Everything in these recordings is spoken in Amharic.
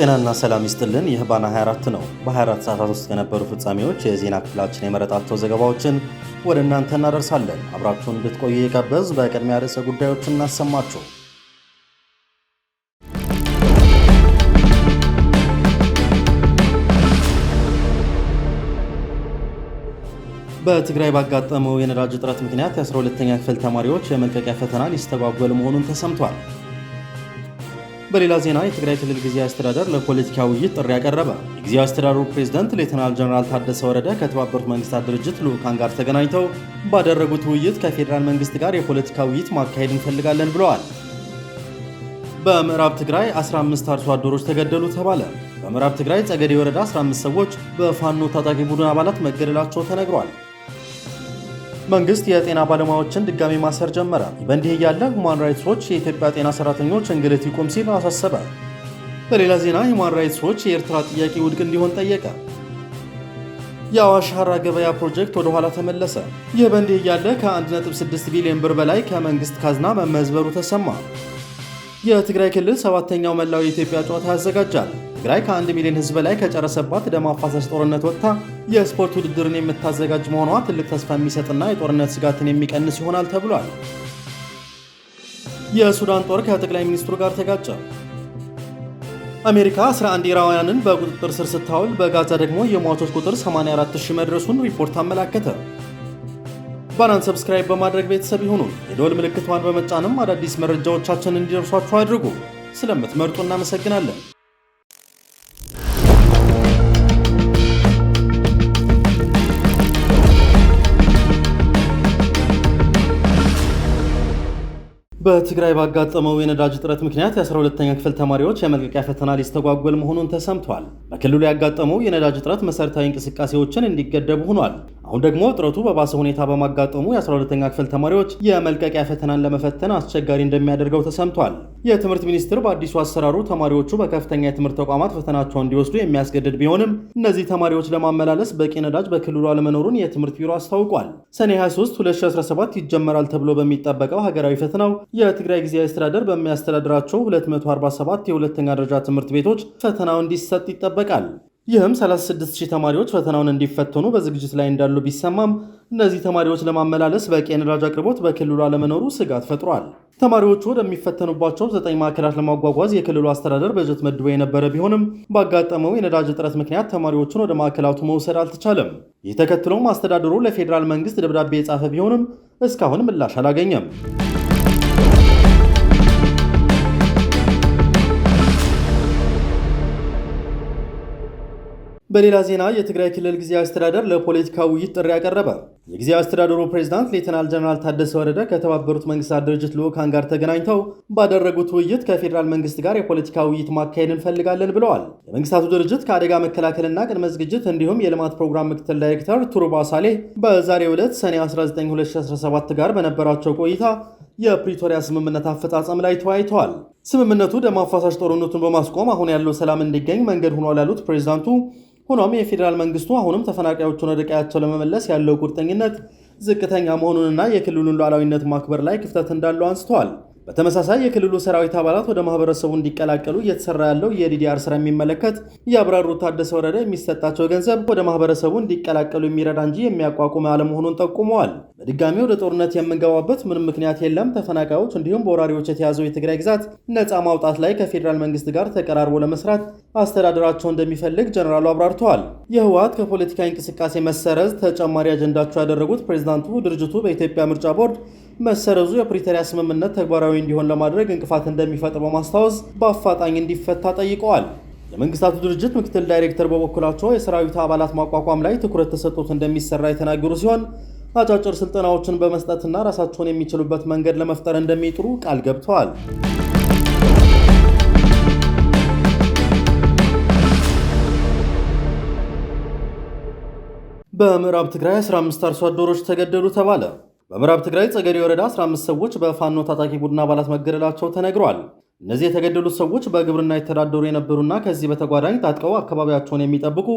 ጤናና ሰላም ይስጥልን። ይህ ባና 24 ነው። በ24 ሰዓታት ውስጥ ከነበሩ ፍጻሜዎች የዜና ክፍላችን የመረጣቸው ዘገባዎችን ወደ እናንተ እናደርሳለን። አብራችሁን እንድትቆዩ የጋበዝ። በቅድሚያ ርዕሰ ጉዳዮች እናሰማችሁ። በትግራይ ባጋጠመው የነዳጅ እጥረት ምክንያት የ12ኛ ክፍል ተማሪዎች የመልቀቂያ ፈተና ሊስተጓጎል መሆኑን ተሰምቷል። በሌላ ዜና የትግራይ ክልል ጊዜያዊ አስተዳደር ለፖለቲካ ውይይት ጥሪ ያቀረበ። የጊዜያዊ አስተዳደሩ ፕሬዝዳንት ሌተናል ጀነራል ታደሰ ወረደ ከተባበሩት መንግስታት ድርጅት ልዑካን ጋር ተገናኝተው ባደረጉት ውይይት ከፌዴራል መንግስት ጋር የፖለቲካ ውይይት ማካሄድ እንፈልጋለን ብለዋል። በምዕራብ ትግራይ 15 አርሶ አደሮች ተገደሉ ተባለ። በምዕራብ ትግራይ ጸገዴ ወረዳ 15 ሰዎች በፋኖ ታጣቂ ቡድን አባላት መገደላቸው ተነግሯል። መንግስት የጤና ባለሙያዎችን ድጋሚ ማሰር ጀመረ። በእንዲህ እያለ ሁማን ራይትስ ዎች የኢትዮጵያ ጤና ሰራተኞች እንግልት ይቁም ሲል አሳሰበ። በሌላ ዜና ሁማን ራይትስ ዎች የኤርትራ ጥያቄ ውድቅ እንዲሆን ጠየቀ። የአዋሽ ሀራ ገበያ ፕሮጀክት ወደ ኋላ ተመለሰ። ይህ በእንዲህ እያለ ከ1.6 ቢሊዮን ብር በላይ ከመንግስት ካዝና መመዝበሩ ተሰማ። የትግራይ ክልል ሰባተኛው መላው የኢትዮጵያ ጨዋታ ያዘጋጃል። ትግራይ ከአንድ ሚሊዮን ህዝብ በላይ ከጨረሰባት ደም አፋሳሽ ጦርነት ወጥታ የስፖርት ውድድርን የምታዘጋጅ መሆኗ ትልቅ ተስፋ የሚሰጥና የጦርነት ስጋትን የሚቀንስ ይሆናል ተብሏል። የሱዳን ጦር ከጠቅላይ ሚኒስትሩ ጋር ተጋጨ። አሜሪካ 11 ኢራውያንን በቁጥጥር ስር ስታውል በጋዛ ደግሞ የሟቾች ቁጥር 84000 መድረሱን ሪፖርት አመላከተ። ባናን ሰብስክራይብ በማድረግ ቤተሰብ ይሁኑ። የደወል ምልክቷን በመጫንም አዳዲስ መረጃዎቻችን እንዲደርሷችሁ አድርጉ። ስለምትመርጡ እናመሰግናለን። በትግራይ ባጋጠመው የነዳጅ እጥረት ምክንያት የ12ተኛ ክፍል ተማሪዎች የመልቀቂያ ፈተና ሊስተጓጎል መሆኑን ተሰምቷል። በክልሉ ያጋጠመው የነዳጅ እጥረት መሠረታዊ እንቅስቃሴዎችን እንዲገደቡ ሆኗል። አሁን ደግሞ እጥረቱ በባሰ ሁኔታ በማጋጠሙ የ12ኛ ክፍል ተማሪዎች የመልቀቂያ ፈተናን ለመፈተን አስቸጋሪ እንደሚያደርገው ተሰምቷል። የትምህርት ሚኒስቴር በአዲሱ አሰራሩ ተማሪዎቹ በከፍተኛ የትምህርት ተቋማት ፈተናቸውን እንዲወስዱ የሚያስገድድ ቢሆንም እነዚህ ተማሪዎች ለማመላለስ በቂ ነዳጅ በክልሉ አለመኖሩን የትምህርት ቢሮ አስታውቋል። ሰኔ 23 2017 ይጀመራል ተብሎ በሚጠበቀው ሀገራዊ ፈተናው የትግራይ ጊዜያዊ አስተዳደር በሚያስተዳድራቸው 247 የሁለተኛ ደረጃ ትምህርት ቤቶች ፈተናው እንዲሰጥ ይጠበቃል። ይህም 36000 ተማሪዎች ፈተናውን እንዲፈተኑ በዝግጅት ላይ እንዳሉ ቢሰማም እነዚህ ተማሪዎች ለማመላለስ በቂ የነዳጅ አቅርቦት በክልሉ አለመኖሩ ስጋት ፈጥሯል። ተማሪዎቹ ወደሚፈተኑባቸው ዘጠኝ ማዕከላት ለማጓጓዝ የክልሉ አስተዳደር በጀት መድቦ የነበረ ቢሆንም ባጋጠመው የነዳጅ እጥረት ምክንያት ተማሪዎቹን ወደ ማዕከላቱ መውሰድ አልተቻለም። ይህ ተከትሎም አስተዳደሩ ለፌዴራል መንግስት ደብዳቤ የጻፈ ቢሆንም እስካሁን ምላሽ አላገኘም። በሌላ ዜና የትግራይ ክልል ጊዜያዊ አስተዳደር ለፖለቲካ ውይይት ጥሪ ያቀረበ የጊዜያዊ አስተዳደሩ ፕሬዚዳንት ሌተናል ጀነራል ታደሰ ወረደ ከተባበሩት መንግስታት ድርጅት ልዑካን ጋር ተገናኝተው ባደረጉት ውይይት ከፌዴራል መንግስት ጋር የፖለቲካ ውይይት ማካሄድ እንፈልጋለን ብለዋል። የመንግስታቱ ድርጅት ከአደጋ መከላከልና ቅድመ ዝግጅት እንዲሁም የልማት ፕሮግራም ምክትል ዳይሬክተር ቱሩባ ሳሌ በዛሬ ዕለት ሰኔ 19 2017 ጋር በነበራቸው ቆይታ የፕሪቶሪያ ስምምነት አፈጻጸም ላይ ተወያይተዋል። ስምምነቱ ደም አፋሳሽ ጦርነቱን በማስቆም አሁን ያለው ሰላም እንዲገኝ መንገድ ሆኗል ያሉት ፕሬዚዳንቱ፣ ሆኖም የፌዴራል መንግስቱ አሁንም ተፈናቃዮቹን ወደ ቀያቸው ለመመለስ ያለው ቁርጠኝነት ተፈጻሚነት ዝቅተኛ መሆኑንና የክልሉን ሉዓላዊነት ማክበር ላይ ክፍተት እንዳለው አንስተዋል። በተመሳሳይ የክልሉ ሰራዊት አባላት ወደ ማህበረሰቡ እንዲቀላቀሉ እየተሰራ ያለው የዲዲአር ስራ የሚመለከት የአብራሩ ታደሰ ወረደ የሚሰጣቸው ገንዘብ ወደ ማህበረሰቡ እንዲቀላቀሉ የሚረዳ እንጂ የሚያቋቁም አለመሆኑን ጠቁመዋል። በድጋሚ ወደ ጦርነት የምንገባበት ምንም ምክንያት የለም። ተፈናቃዮች እንዲሁም በወራሪዎች የተያዘው የትግራይ ግዛት ነፃ ማውጣት ላይ ከፌዴራል መንግስት ጋር ተቀራርቦ ለመስራት አስተዳደራቸው እንደሚፈልግ ጀኔራሉ አብራርተዋል። የህወሓት ከፖለቲካ እንቅስቃሴ መሰረዝ ተጨማሪ አጀንዳቸው ያደረጉት ፕሬዚዳንቱ ድርጅቱ በኢትዮጵያ ምርጫ ቦርድ መሰረዙ የፕሪቶሪያ ስምምነት ተግባራዊ እንዲሆን ለማድረግ እንቅፋት እንደሚፈጥር በማስታወስ በአፋጣኝ እንዲፈታ ጠይቀዋል። የመንግስታቱ ድርጅት ምክትል ዳይሬክተር በበኩላቸው የሰራዊት አባላት ማቋቋም ላይ ትኩረት ተሰጥቶት እንደሚሰራ የተናገሩ ሲሆን አጫጭር ስልጠናዎችን በመስጠትና ራሳቸውን የሚችሉበት መንገድ ለመፍጠር እንደሚጥሩ ቃል ገብተዋል። በምዕራብ ትግራይ 15 አርሶ አደሮች ተገደሉ ተባለ። በምዕራብ ትግራይ ጸገዴ ወረዳ 15 ሰዎች በፋኖ ታጣቂ ቡድን አባላት መገደላቸው ተነግሯል። እነዚህ የተገደሉት ሰዎች በግብርና የተዳደሩ የነበሩና ከዚህ በተጓዳኝ ታጥቀው አካባቢያቸውን የሚጠብቁ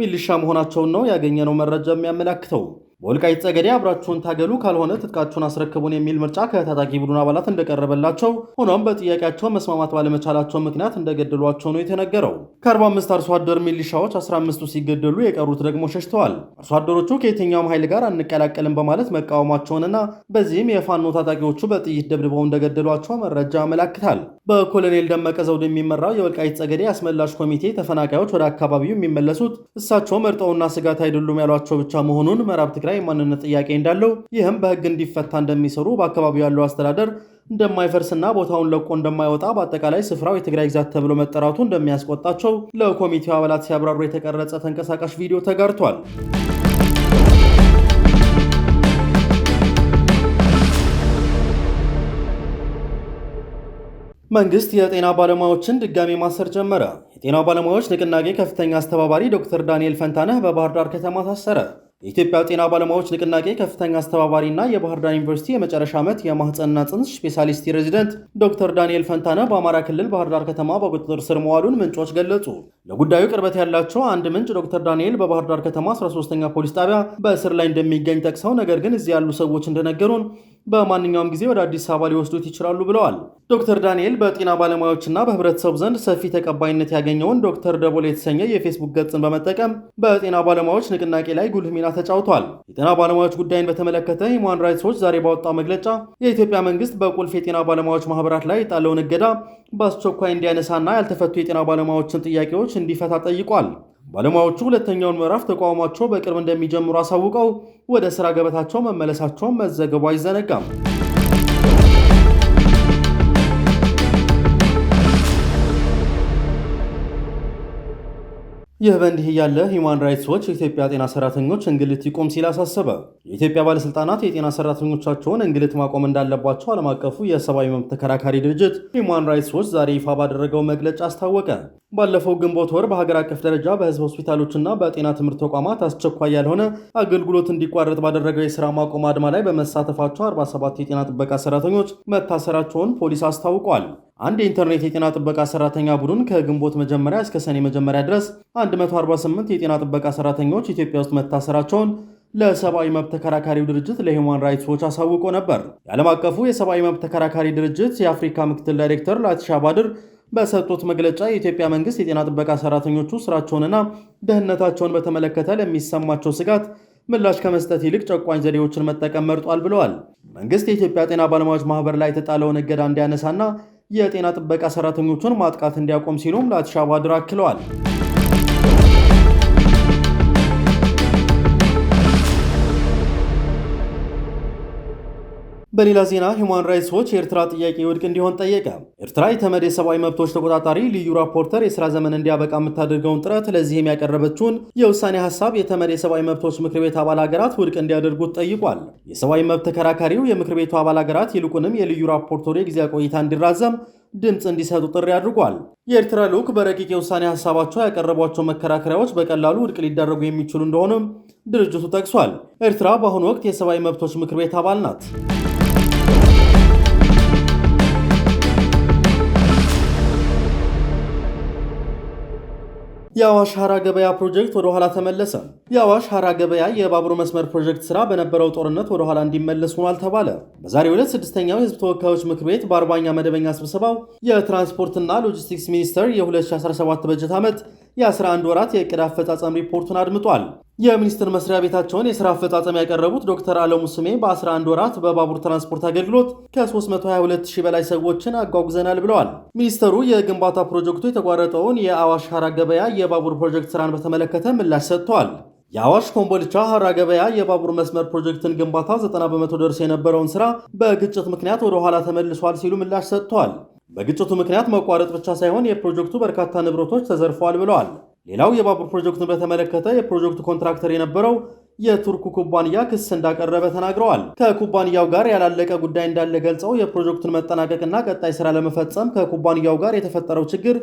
ሚሊሻ መሆናቸውን ነው ያገኘነው መረጃ የሚያመላክተው። በወልቃይት ጠገዴ አብራችሁን ታገሉ ካልሆነ ትጥቃችሁን አስረክቡን የሚል ምርጫ ከታጣቂ ቡድን አባላት እንደቀረበላቸው ሆኖም በጥያቄያቸው መስማማት ባለመቻላቸው ምክንያት እንደገደሏቸው ነው የተነገረው። ከ45 አርሶ አደር ሚሊሻዎች 15ቱ ሲገደሉ የቀሩት ደግሞ ሸሽተዋል። አርሶ አደሮቹ ከየትኛውም ኃይል ጋር አንቀላቀልም በማለት መቃወማቸውንና በዚህም የፋኖ ታጣቂዎቹ በጥይት ደብድበው እንደገደሏቸው መረጃ ያመላክታል። በኮሎኔል ደመቀ ዘውድ የሚመራው የወልቃይት ጠገዴ አስመላሽ ኮሚቴ ተፈናቃዮች ወደ አካባቢው የሚመለሱት እሳቸው መርጠውና ስጋት አይደሉም ያሏቸው ብቻ መሆኑን ምዕራብ ትግራይ የማንነት ጥያቄ እንዳለው ይህም በህግ እንዲፈታ እንደሚሰሩ በአካባቢው ያለው አስተዳደር እንደማይፈርስና ቦታውን ለቆ እንደማይወጣ በአጠቃላይ ስፍራው የትግራይ ግዛት ተብሎ መጠራቱ እንደሚያስቆጣቸው ለኮሚቴው አባላት ሲያብራሩ የተቀረጸ ተንቀሳቃሽ ቪዲዮ ተጋርቷል። መንግስት የጤና ባለሙያዎችን ድጋሜ ማሰር ጀመረ። የጤና ባለሙያዎች ንቅናቄ ከፍተኛ አስተባባሪ ዶክተር ዳንኤል ፈንታነህ በባህር ዳር ከተማ ታሰረ። የኢትዮጵያ ጤና ባለሙያዎች ንቅናቄ ከፍተኛ አስተባባሪና የባህር ዳር ዩኒቨርሲቲ የመጨረሻ ዓመት የማህፀንና ጽንስ ስፔሻሊስት ሬዚደንት ዶክተር ዳንኤል ፈንታነህ በአማራ ክልል ባህር ዳር ከተማ በቁጥጥር ስር መዋሉን ምንጮች ገለጹ። ለጉዳዩ ቅርበት ያላቸው አንድ ምንጭ ዶክተር ዳንኤል በባህር ዳር ከተማ 13ኛ ፖሊስ ጣቢያ በእስር ላይ እንደሚገኝ ጠቅሰው ነገር ግን እዚህ ያሉ ሰዎች እንደነገሩን በማንኛውም ጊዜ ወደ አዲስ አበባ ሊወስዱት ይችላሉ ብለዋል። ዶክተር ዳንኤል በጤና ባለሙያዎችና በህብረተሰቡ ዘንድ ሰፊ ተቀባይነት ያገኘውን ዶክተር ደቦል የተሰኘ የፌስቡክ ገጽን በመጠቀም በጤና ባለሙያዎች ንቅናቄ ላይ ጉልህ ሚና ተጫውቷል። የጤና ባለሙያዎች ጉዳይን በተመለከተ ሂውማን ራይትስ ዎች ዛሬ ባወጣው መግለጫ የኢትዮጵያ መንግስት በቁልፍ የጤና ባለሙያዎች ማህበራት ላይ የጣለውን እገዳ በአስቸኳይ እንዲያነሳና ያልተፈቱ የጤና ባለሙያዎችን ጥያቄዎች እንዲፈታ ጠይቋል። ባለሙያዎቹ ሁለተኛውን ምዕራፍ ተቋማቸው በቅርብ እንደሚጀምሩ አሳውቀው ወደ ስራ ገበታቸው መመለሳቸውን መዘገቡ አይዘነጋም። ይህ በእንዲህ እያለ ሂውማን ራይትስ ዎች የኢትዮጵያ ጤና ሰራተኞች እንግልት ይቁም ሲል አሳሰበ። የኢትዮጵያ ባለሥልጣናት የጤና ሰራተኞቻቸውን እንግልት ማቆም እንዳለባቸው ዓለም አቀፉ የሰብአዊ መብት ተከራካሪ ድርጅት ሂውማን ራይትስ ዎች ዛሬ ይፋ ባደረገው መግለጫ አስታወቀ። ባለፈው ግንቦት ወር በሀገር አቀፍ ደረጃ በህዝብ ሆስፒታሎችና በጤና ትምህርት ተቋማት አስቸኳይ ያልሆነ አገልግሎት እንዲቋረጥ ባደረገው የስራ ማቆም አድማ ላይ በመሳተፋቸው 47 የጤና ጥበቃ ሰራተኞች መታሰራቸውን ፖሊስ አስታውቋል። አንድ የኢንተርኔት የጤና ጥበቃ ሰራተኛ ቡድን ከግንቦት መጀመሪያ እስከ ሰኔ መጀመሪያ ድረስ 148 የጤና ጥበቃ ሰራተኞች ኢትዮጵያ ውስጥ መታሰራቸውን ለሰብአዊ መብት ተከራካሪው ድርጅት ለሂውማን ራይትስ ዎች አሳውቆ ነበር። የዓለም አቀፉ የሰብአዊ መብት ተከራካሪ ድርጅት የአፍሪካ ምክትል ዳይሬክተር ላቲሻ ባድር በሰጡት መግለጫ የኢትዮጵያ መንግስት የጤና ጥበቃ ሰራተኞቹ ስራቸውንና ደህንነታቸውን በተመለከተ ለሚሰማቸው ስጋት ምላሽ ከመስጠት ይልቅ ጨቋኝ ዘዴዎችን መጠቀም መርጧል ብለዋል። መንግስት የኢትዮጵያ ጤና ባለሙያዎች ማህበር ላይ የተጣለውን እገዳ እንዲያነሳና የጤና ጥበቃ ሰራተኞቹን ማጥቃት እንዲያቆም ሲሉም ለአዲስ አበባ ድር አክለዋል። በሌላ ዜና ሂውማን ራይትስ ዎች የኤርትራ ጥያቄ ውድቅ እንዲሆን ጠየቀ። ኤርትራ የተመድ የሰብአዊ መብቶች ተቆጣጣሪ ልዩ ራፖርተር የስራ ዘመን እንዲያበቃ የምታደርገውን ጥረት ለዚህም ያቀረበችውን የውሳኔ ሀሳብ የተመድ የሰብአዊ መብቶች ምክር ቤት አባል ሀገራት ውድቅ እንዲያደርጉት ጠይቋል። የሰብአዊ መብት ተከራካሪው የምክር ቤቱ አባል ሀገራት ይልቁንም የልዩ ራፖርተሩ የጊዜ ቆይታ እንዲራዘም ድምፅ እንዲሰጡ ጥሪ አድርጓል። የኤርትራ ልዑክ በረቂቅ የውሳኔ ሀሳባቸው ያቀረቧቸው መከራከሪያዎች በቀላሉ ውድቅ ሊደረጉ የሚችሉ እንደሆኑም ድርጅቱ ጠቅሷል። ኤርትራ በአሁኑ ወቅት የሰብአዊ መብቶች ምክር ቤት አባል ናት። የአዋሽ ሐራ ገበያ ፕሮጀክት ወደ ኋላ ተመለሰ። የአዋሽ ሐራ ገበያ የባቡር መስመር ፕሮጀክት ስራ በነበረው ጦርነት ወደ ኋላ እንዲመለስ ሆኗል ተባለ። በዛሬው ዕለት ስድስተኛው የህዝብ ተወካዮች ምክር ቤት በአርባኛ መደበኛ ስብሰባው የትራንስፖርትና ሎጂስቲክስ ሚኒስቴር የ2017 በጀት ዓመት የ11 ወራት የእቅድ አፈጻጸም ሪፖርቱን አድምጧል። የሚኒስትር መስሪያ ቤታቸውን የስራ አፈጻጸም ያቀረቡት ዶክተር አለሙ ስሜ በ11 ወራት በባቡር ትራንስፖርት አገልግሎት ከ322 ሺህ በላይ ሰዎችን አጓጉዘናል ብለዋል። ሚኒስተሩ የግንባታ ፕሮጀክቱ የተቋረጠውን የአዋሽ ሐራ ገበያ የባቡር ፕሮጀክት ስራን በተመለከተ ምላሽ ሰጥተዋል። የአዋሽ ኮምቦልቻ ሐራ ገበያ የባቡር መስመር ፕሮጀክትን ግንባታ 90 በመቶ ደርሶ የነበረውን ስራ በግጭት ምክንያት ወደ ኋላ ተመልሷል ሲሉ ምላሽ ሰጥተዋል። በግጭቱ ምክንያት መቋረጥ ብቻ ሳይሆን የፕሮጀክቱ በርካታ ንብረቶች ተዘርፈዋል ብለዋል። ሌላው የባቡር ፕሮጀክቱን በተመለከተ የፕሮጀክቱ ኮንትራክተር የነበረው የቱርኩ ኩባንያ ክስ እንዳቀረበ ተናግረዋል። ከኩባንያው ጋር ያላለቀ ጉዳይ እንዳለ ገልጸው የፕሮጀክቱን መጠናቀቅና ቀጣይ ስራ ለመፈጸም ከኩባንያው ጋር የተፈጠረው ችግር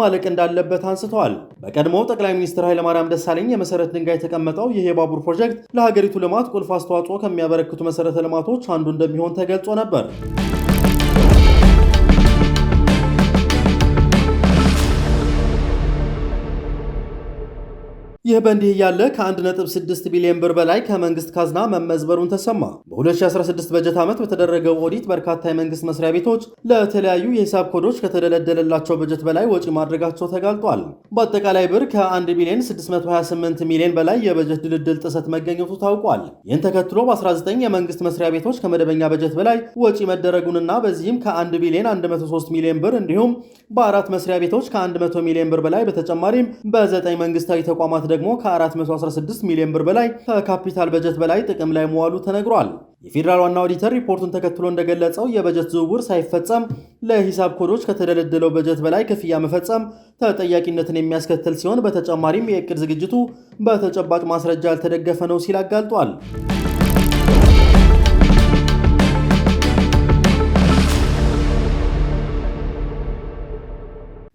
ማለቅ እንዳለበት አንስተዋል። በቀድሞው ጠቅላይ ሚኒስትር ኃይለማርያም ደሳለኝ የመሰረት ድንጋይ የተቀመጠው ይህ የባቡር ፕሮጀክት ለሀገሪቱ ልማት ቁልፍ አስተዋጽኦ ከሚያበረክቱ መሰረተ ልማቶች አንዱ እንደሚሆን ተገልጾ ነበር። ይህ በእንዲህ እያለ ከ1.6 ቢሊዮን ብር በላይ ከመንግስት ካዝና መመዝበሩን ተሰማ። በ2016 በጀት ዓመት በተደረገው ኦዲት በርካታ የመንግስት መስሪያ ቤቶች ለተለያዩ የሂሳብ ኮዶች ከተደለደለላቸው በጀት በላይ ወጪ ማድረጋቸው ተጋልጧል። በአጠቃላይ ብር ከ1 ቢሊዮን 628 ሚሊዮን በላይ የበጀት ድልድል ጥሰት መገኘቱ ታውቋል። ይህን ተከትሎ በ19 የመንግስት መስሪያ ቤቶች ከመደበኛ በጀት በላይ ወጪ መደረጉንና በዚህም ከ1 ቢሊዮን 103 ሚሊዮን ብር እንዲሁም በአራት መስሪያ ቤቶች ከ100 ሚሊዮን ብር በላይ በተጨማሪም በ9 መንግስታዊ ተቋማት ደግሞ ደግሞ ከ416 ሚሊዮን ብር በላይ ከካፒታል በጀት በላይ ጥቅም ላይ መዋሉ ተነግሯል። የፌዴራል ዋና ኦዲተር ሪፖርቱን ተከትሎ እንደገለጸው የበጀት ዝውውር ሳይፈጸም ለሂሳብ ኮዶች ከተደለደለው በጀት በላይ ክፍያ መፈጸም ተጠያቂነትን የሚያስከትል ሲሆን በተጨማሪም የእቅድ ዝግጅቱ በተጨባጭ ማስረጃ ያልተደገፈ ነው ሲል አጋልጧል።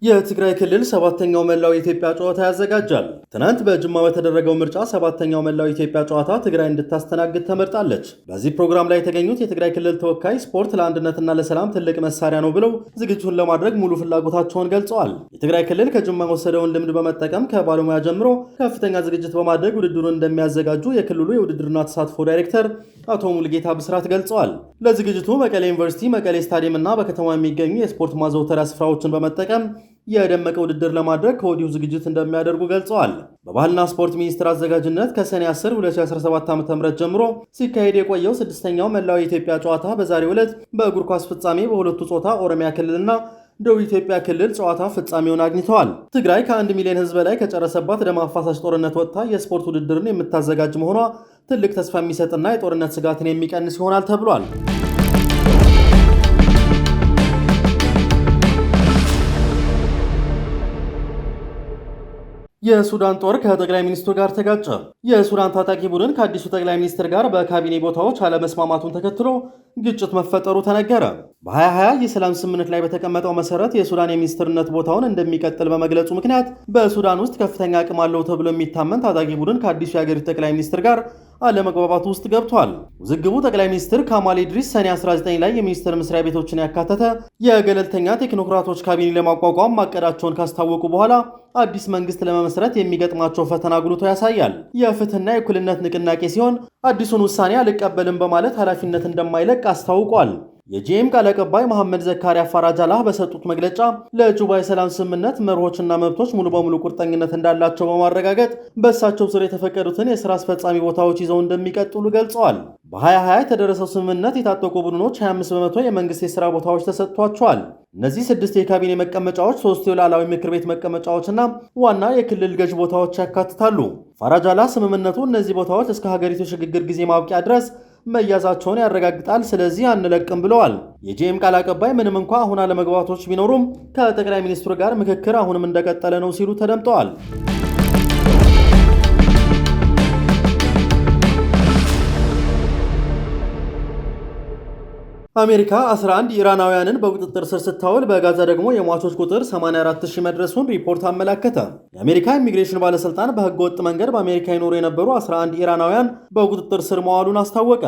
የትግራይ ክልል ሰባተኛው መላው የኢትዮጵያ ጨዋታ ያዘጋጃል። ትናንት በጅማ በተደረገው ምርጫ ሰባተኛው መላው የኢትዮጵያ ጨዋታ ትግራይ እንድታስተናግድ ተመርጣለች። በዚህ ፕሮግራም ላይ የተገኙት የትግራይ ክልል ተወካይ ስፖርት ለአንድነትና ለሰላም ትልቅ መሳሪያ ነው ብለው ዝግጅቱን ለማድረግ ሙሉ ፍላጎታቸውን ገልጸዋል። የትግራይ ክልል ከጅማ የወሰደውን ልምድ በመጠቀም ከባለሙያ ጀምሮ ከፍተኛ ዝግጅት በማድረግ ውድድሩን እንደሚያዘጋጁ የክልሉ የውድድርና ተሳትፎ ዳይሬክተር አቶ ሙልጌታ ብስራት ገልጸዋል። ለዝግጅቱ መቀሌ ዩኒቨርሲቲ፣ መቀሌ ስታዲየም እና በከተማ የሚገኙ የስፖርት ማዘውተሪያ ስፍራዎችን በመጠቀም የደመቀ ውድድር ለማድረግ ከወዲሁ ዝግጅት እንደሚያደርጉ ገልጸዋል። በባህልና ስፖርት ሚኒስቴር አዘጋጅነት ከሰኔ 10 2017 ዓ.ም ጀምሮ ሲካሄድ የቆየው ስድስተኛው መላው የኢትዮጵያ ጨዋታ በዛሬው ዕለት በእግር ኳስ ፍጻሜ በሁለቱ ጾታ ኦሮሚያ ክልልና ደቡብ ኢትዮጵያ ክልል ጨዋታ ፍጻሜውን አግኝተዋል። ትግራይ ከአንድ ሚሊዮን ህዝብ በላይ ከጨረሰባት ደም አፋሳሽ ጦርነት ወጥታ የስፖርት ውድድርን የምታዘጋጅ መሆኗ ትልቅ ተስፋ የሚሰጥና የጦርነት ስጋትን የሚቀንስ ይሆናል ተብሏል። የሱዳን ጦር ከጠቅላይ ሚኒስትሩ ጋር ተጋጨ። የሱዳን ታጣቂ ቡድን ከአዲሱ ጠቅላይ ሚኒስትር ጋር በካቢኔ ቦታዎች አለመስማማቱን ተከትሎ ግጭት መፈጠሩ ተነገረ። በ2020 የሰላም ስምምነት ላይ በተቀመጠው መሰረት የሱዳን የሚኒስትርነት ቦታውን እንደሚቀጥል በመግለጹ ምክንያት በሱዳን ውስጥ ከፍተኛ አቅም አለው ተብሎ የሚታመን ታጣቂ ቡድን ከአዲሱ የአገሪቱ ጠቅላይ ሚኒስትር ጋር አለመግባባት ውስጥ ገብቷል። ውዝግቡ ጠቅላይ ሚኒስትር ካማል ኢድሪስ ሰኔ 19 ላይ የሚኒስትር መስሪያ ቤቶችን ያካተተ የገለልተኛ ቴክኖክራቶች ካቢኔ ለማቋቋም ማቀዳቸውን ካስታወቁ በኋላ አዲስ መንግስት ለመመስረት የሚገጥማቸው ፈተና ጉልቶ ያሳያል። የፍትህና የእኩልነት ንቅናቄ ሲሆን አዲሱን ውሳኔ አልቀበልም በማለት ኃላፊነት እንደማይለቅ አስታውቋል። የጂኤም ቃል አቀባይ መሐመድ ዘካሪያ ፋራጃላህ በሰጡት መግለጫ ለጁባ የሰላም ስምምነት መርሆችና መብቶች ሙሉ በሙሉ ቁርጠኝነት እንዳላቸው በማረጋገጥ በእሳቸው ስር የተፈቀዱትን የስራ አስፈጻሚ ቦታዎች ይዘው እንደሚቀጥሉ ገልጸዋል። በ2020 የተደረሰው ስምምነት የታጠቁ ቡድኖች 25 በመቶ የመንግስት የስራ ቦታዎች ተሰጥቷቸዋል። እነዚህ ስድስት የካቢኔ መቀመጫዎች፣ ሶስት የሉዓላዊ ምክር ቤት መቀመጫዎችና ዋና የክልል ገዥ ቦታዎች ያካትታሉ። ፋራጃላ ስምምነቱ እነዚህ ቦታዎች እስከ ሀገሪቱ ሽግግር ጊዜ ማብቂያ ድረስ መያዛቸውን ያረጋግጣል። ስለዚህ አንለቅም ብለዋል። የጄም ቃል አቀባይ ምንም እንኳ አሁን አለመግባባቶች ቢኖሩም ከጠቅላይ ሚኒስትሩ ጋር ምክክር አሁንም እንደቀጠለ ነው ሲሉ ተደምጠዋል። አሜሪካ 11 ኢራናውያንን በቁጥጥር ስር ስታውል በጋዛ ደግሞ የሟቾች ቁጥር 84000 መድረሱን ሪፖርት አመላከተ። የአሜሪካ ኢሚግሬሽን ባለስልጣን በህገ ወጥ መንገድ በአሜሪካ ይኖሩ የነበሩ 11 ኢራናውያን በቁጥጥር ስር መዋሉን አስታወቀ።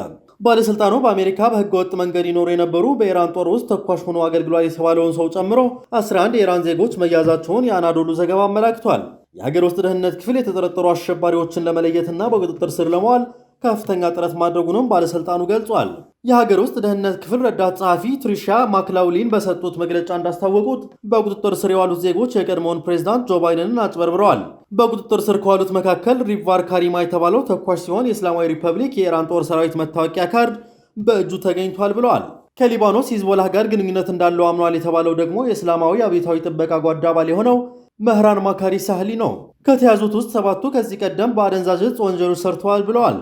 ባለስልጣኑ በአሜሪካ በህገ ወጥ መንገድ ይኖሩ የነበሩ በኢራን ጦር ውስጥ ተኳሽ ሆኖ አገልግሏል የተባለውን ሰው ጨምሮ 11 የኢራን ዜጎች መያዛቸውን የአናዶሉ ዘገባ አመላክቷል። የሀገር ውስጥ ደህንነት ክፍል የተጠረጠሩ አሸባሪዎችን ለመለየትና በቁጥጥር ስር ለመዋል ከፍተኛ ጥረት ማድረጉንም ባለሥልጣኑ ገልጿል። የሀገር ውስጥ ደህንነት ክፍል ረዳት ጸሐፊ ትሪሻ ማክላውሊን በሰጡት መግለጫ እንዳስታወቁት በቁጥጥር ስር የዋሉት ዜጎች የቀድሞውን ፕሬዝዳንት ጆ ባይደንን አጭበርብረዋል። በቁጥጥር ስር ከዋሉት መካከል ሪቫር ካሪማ የተባለው ተኳሽ ሲሆን የእስላማዊ ሪፐብሊክ የኢራን ጦር ሰራዊት መታወቂያ ካርድ በእጁ ተገኝቷል ብለዋል። ከሊባኖስ ሂዝቦላህ ጋር ግንኙነት እንዳለው አምኗል የተባለው ደግሞ የእስላማዊ አብዮታዊ ጥበቃ ጓድ አባል የሆነው መህራን ማካሪ ሳህሊ ነው። ከተያዙት ውስጥ ሰባቱ ከዚህ ቀደም በአደንዛዥ ዕፅ ወንጀሎች ሰርተዋል ብለዋል።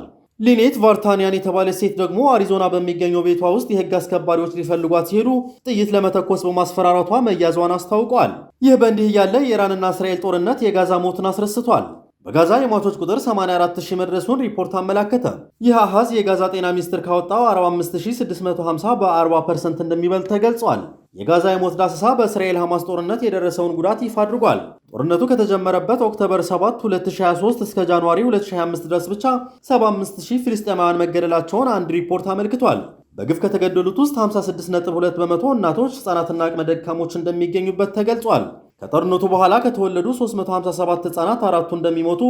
ሊኔት ቫርታኒያን የተባለ ሴት ደግሞ አሪዞና በሚገኘው ቤቷ ውስጥ የህግ አስከባሪዎች ሊፈልጓት ሲሄዱ ጥይት ለመተኮስ በማስፈራራቷ መያዟን አስታውቋል። ይህ በእንዲህ እያለ የኢራንና እስራኤል ጦርነት የጋዛ ሞትን አስረስቷል። በጋዛ የሟቾች ቁጥር 84 መድረሱን ሪፖርት አመላከተ። ይህ አሃዝ የጋዛ ጤና ሚኒስቴር ካወጣው 45650 በ40 ፐርሰንት እንደሚበልጥ ተገልጿል። የጋዛ የሞት ዳሰሳ በእስራኤል ሐማስ ጦርነት የደረሰውን ጉዳት ይፋ አድርጓል። ጦርነቱ ከተጀመረበት ኦክቶበር 7 2023 እስከ ጃንዋሪ 2025 ድረስ ብቻ 75000 ፊልስጤማውያን መገደላቸውን አንድ ሪፖርት አመልክቷል። በግፍ ከተገደሉት ውስጥ 56.2 በመቶ እናቶች፣ ሕፃናትና አቅመ ደካሞች እንደሚገኙበት ተገልጿል። ከጦርነቱ በኋላ ከተወለዱ 357 ህጻናት አራቱ እንደሚሞቱ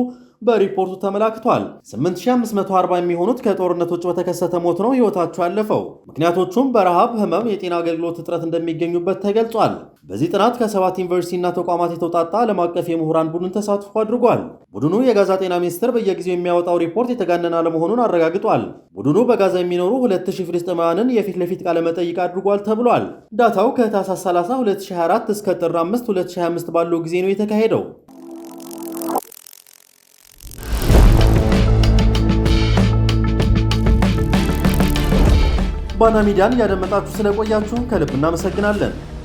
በሪፖርቱ ተመላክቷል። 8540 የሚሆኑት ከጦርነት ውጭ በተከሰተ ሞት ነው ህይወታቸው ያለፈው። ምክንያቶቹም በረሃብ፣ ህመም፣ የጤና አገልግሎት እጥረት እንደሚገኙበት ተገልጿል። በዚህ ጥናት ከሰባት ዩኒቨርሲቲ እና ተቋማት የተውጣጣ ዓለም አቀፍ የምሁራን ቡድን ተሳትፎ አድርጓል። ቡድኑ የጋዛ ጤና ሚኒስቴር በየጊዜው የሚያወጣው ሪፖርት የተጋነነ አለመሆኑን አረጋግጧል። ቡድኑ በጋዛ የሚኖሩ 2000 ፍልስጤማውያንን የፊት ለፊት ቃለ መጠይቅ አድርጓል ተብሏል። ዳታው ከታህሳስ 30 2024 እስከ ጥር 5 2025 ባለው ጊዜ ነው የተካሄደው። ባና ሚዲያን እያደመጣችሁ ስለቆያችሁ ከልብ እናመሰግናለን።